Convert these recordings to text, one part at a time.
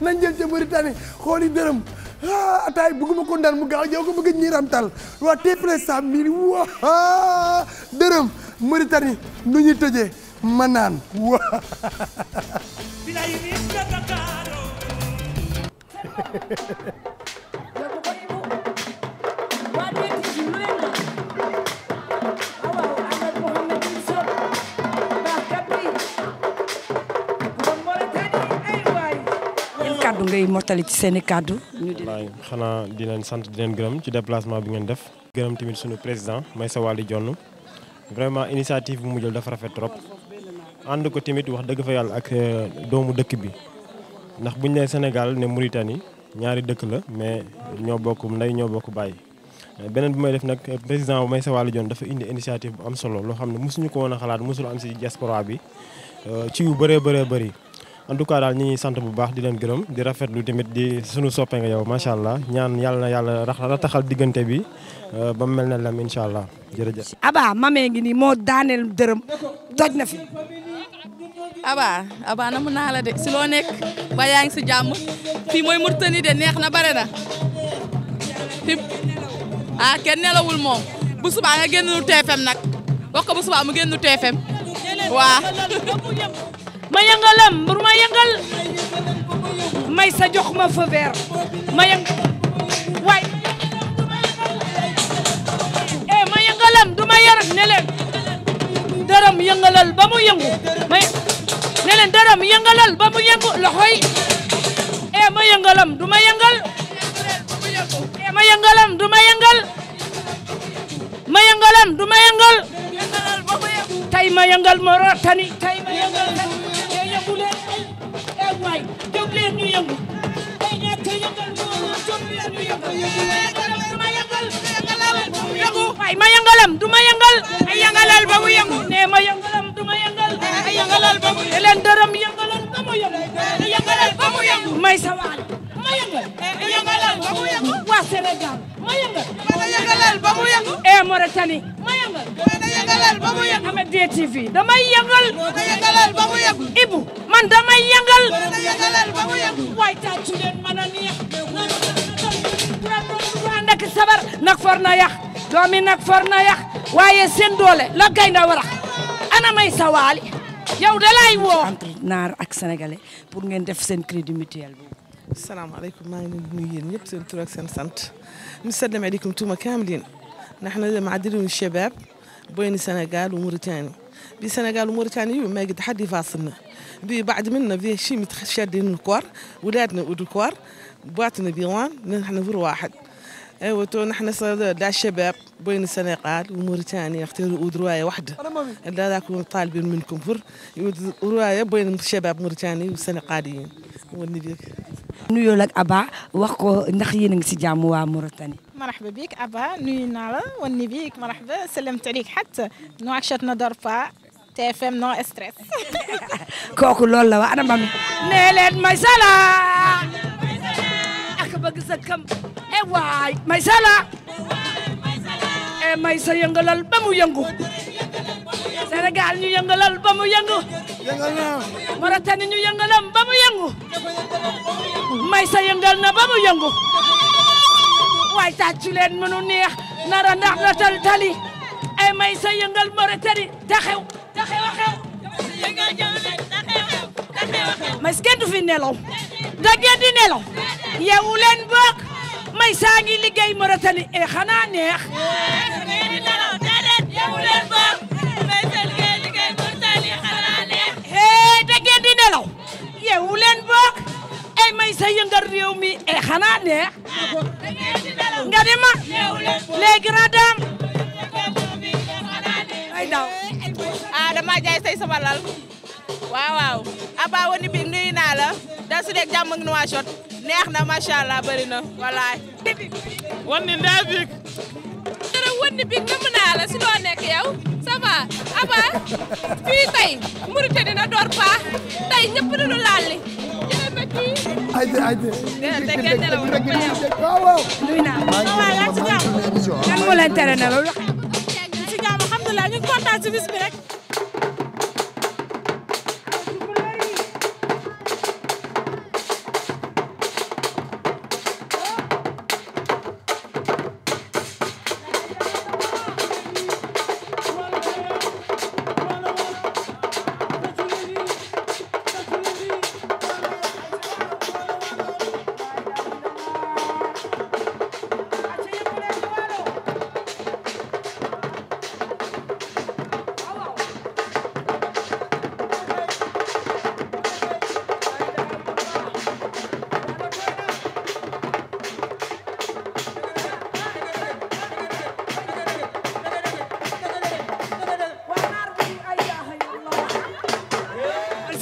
nañ jël ca Mauritanie xool yi dërëm ah, ataay bëgguma ko ndal mu gaaw yow ko bëgg ñi ramtal waa TPS 100000 waa ah, dërëm Mauritanie nu ñuy tëjee ma naan waa. kàddu ngay mottali ci seen i kàddu. xanaa di leen sant di leen gërëm ci déplacement bi ngeen def. gërëm tamit suñu président Maïssa Waly Dione vraiment initiative bu mu jël dafa rafet trop ànd ko tamit wax dëgg fa yàlla ak euh, doomu dëkk bi ndax buñ ne Sénégal ne Mauritanie ñaari dëkk la mais ñoo bokk ndey ñoo bokk bàyyi. Euh, beneen bi may def nag président Maïssa Waly Dione dafa indi initiative bu am solo loo xam ne mosuñu ko woon a xalaat mosul am si diaspora bi euh, ci yu bëree bëree bëri. en tout cas daal ñu ngi sant bu baax di leen gërëm di rafetlu tamit di sunu soppe nga yow macha allah ñaan yàlla na yàlla rataxal diggante bi euh, ba mu mel ne lam incha allah jërëjëf. Aba mamee ngi nii moo daaneel dërëm toj na fi. Aba Aba namu naa la de si loo nekk ba yaa si jàmm fii mooy Mauritanie de neex na bare na ah kenn nelawul moom bu subaa nga génn nu TFM nag wax bu subaa mu génn nu TFM waa. ma yëngalam mbur ma yëngal may sa jox ma feu vert ma yëng waay eh ma yëngalam du ma yar ne leen dërëm yëngalal ba mu yëngu may ne leen dërëm yëngalal ba mu yëngu loxoy eh ma yëngalam du ma yëngal eh ma yëngalam du ma yëngal ma yëngalam du ma yëngal tey ma yëngal ma rotani tey ma yëngal yëngalam du ma yëngal ay yëngalal ba mu yëngu nee ma yëngalam du ma yëngal ay yëngalal ba mu yëngu leen dërëm yëngalam ba mu yëngu ay yëngalal ba mu yëngu may sa waal ma yëngal ay yëngalal ba mu yëngu waa Sénégal ma yëngal ay yëngalal ba mu yëngu ee Mauritanie ma yëngal ay yëngalal ba mu yëngu Ameth Dieng TV damay yëngal ay yëngalal ba mu yëngu Ibou man damay yëngal ay yëngalal ba mu yëngu waay tàccu leen mën a neex nak sabar nak for na yàq doomi nak for na yàq waaye seen doole la gaynde war a ana may sa waali yow da lay woo entre naar ak sénégalais pour ngeen def seen crédit mutuel bi asalaamaaleykum maa ngi leen di nuyu yéen ñëpp seen tur ak seen sant misallam aleykum tuuma kaamilin نحن معدلون الشباب بين السنغال وموريتانيا بسنغال وموريتانيا ما قد حد يفاصلنا بعد منا في شيء متشدين الكوار ولادنا ودكوار بواتنا بيوان نحن فر واحد ايوه نحن داع الشباب بين السنغال وموريتانيا نختاروا روايه واحده لذلك طالبين منكم فر روايه بين الشباب موريتاني والسنغاليين nuyoo ak Aba wax ko ndax yéen a ngi si jàmm waa Mauritanie. مرحبا بك أبا نوينا وني بيك مرحبا سلمت عليك حتى نواكشتنا درفا تي اف ام نو ستريس كوكو لولا وانا مامي نيلت ميسالة أخبك زكم e waay may sala e eh, may sa yëngalal ba mu yëngu Sénégal ñu yëngalal ba mu yëngu yëngal na Moratani ñu yëngalam ba mu yëngu may sa yëngal na ba mu yëngu waay tàccu leen mënu neex nara ndax na tal tali eh, may sa yëngal Moratani taxew taxew a xew mas kenn du fi nelaw da ngeen nelaw yeewu leen boog may saa ngi liggéey Moratani e eh, xanaa neex hey eh, da ngeen di nelaw yeewu leen bokk ay eh, may sa yëngal réew mi e xanaa neex nga di ma léegi na daam ay daw ah dama jaay say sama lal waaw neex na na walaay. wan ni ndaa biig. dara wan ni biig namm naa la si loo nekk yow Aba fii tey Mauritanie dina door paax tey ñëpp dina laal li jërëjëf kii. ayca ayca. dégg nga dégg nga dégg nga dégg waaw waaw. nuyu naa la waaw laaj si jàmm. lan moo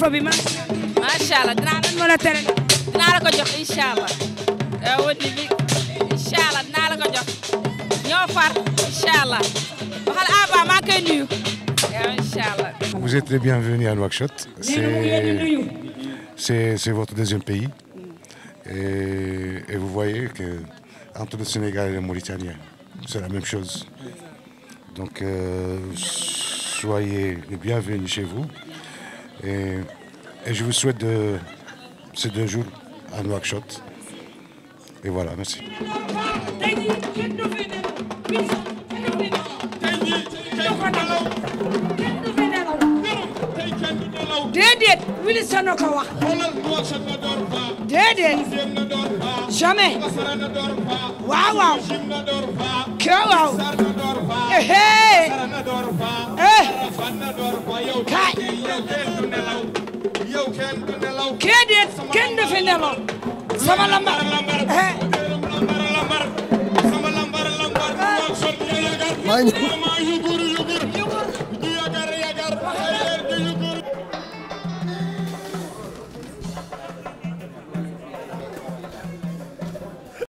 info bi macha allah. macha allah dinaa la ko jox eh, dinaa la ko jox ñoo far incha allah waxal Aba maa ngi eh, vous êtes les bienvenus à Nouakchott. c'est votre deuxième pays. Et, vous voyez que entre le Sénégal et le Mauritanien, c'est la même chose. Donc euh, soyez les bienvenus chez vous. Et, et je vous souhaite de, ces deux jours à Nouakchott. Et voilà, merci. déedéet Wilson a ko wax déedéet jamais waaw waaw ke waaw kaay kee déet kenn du fi nelaw sama lambar lambar eh. sama lambar lambar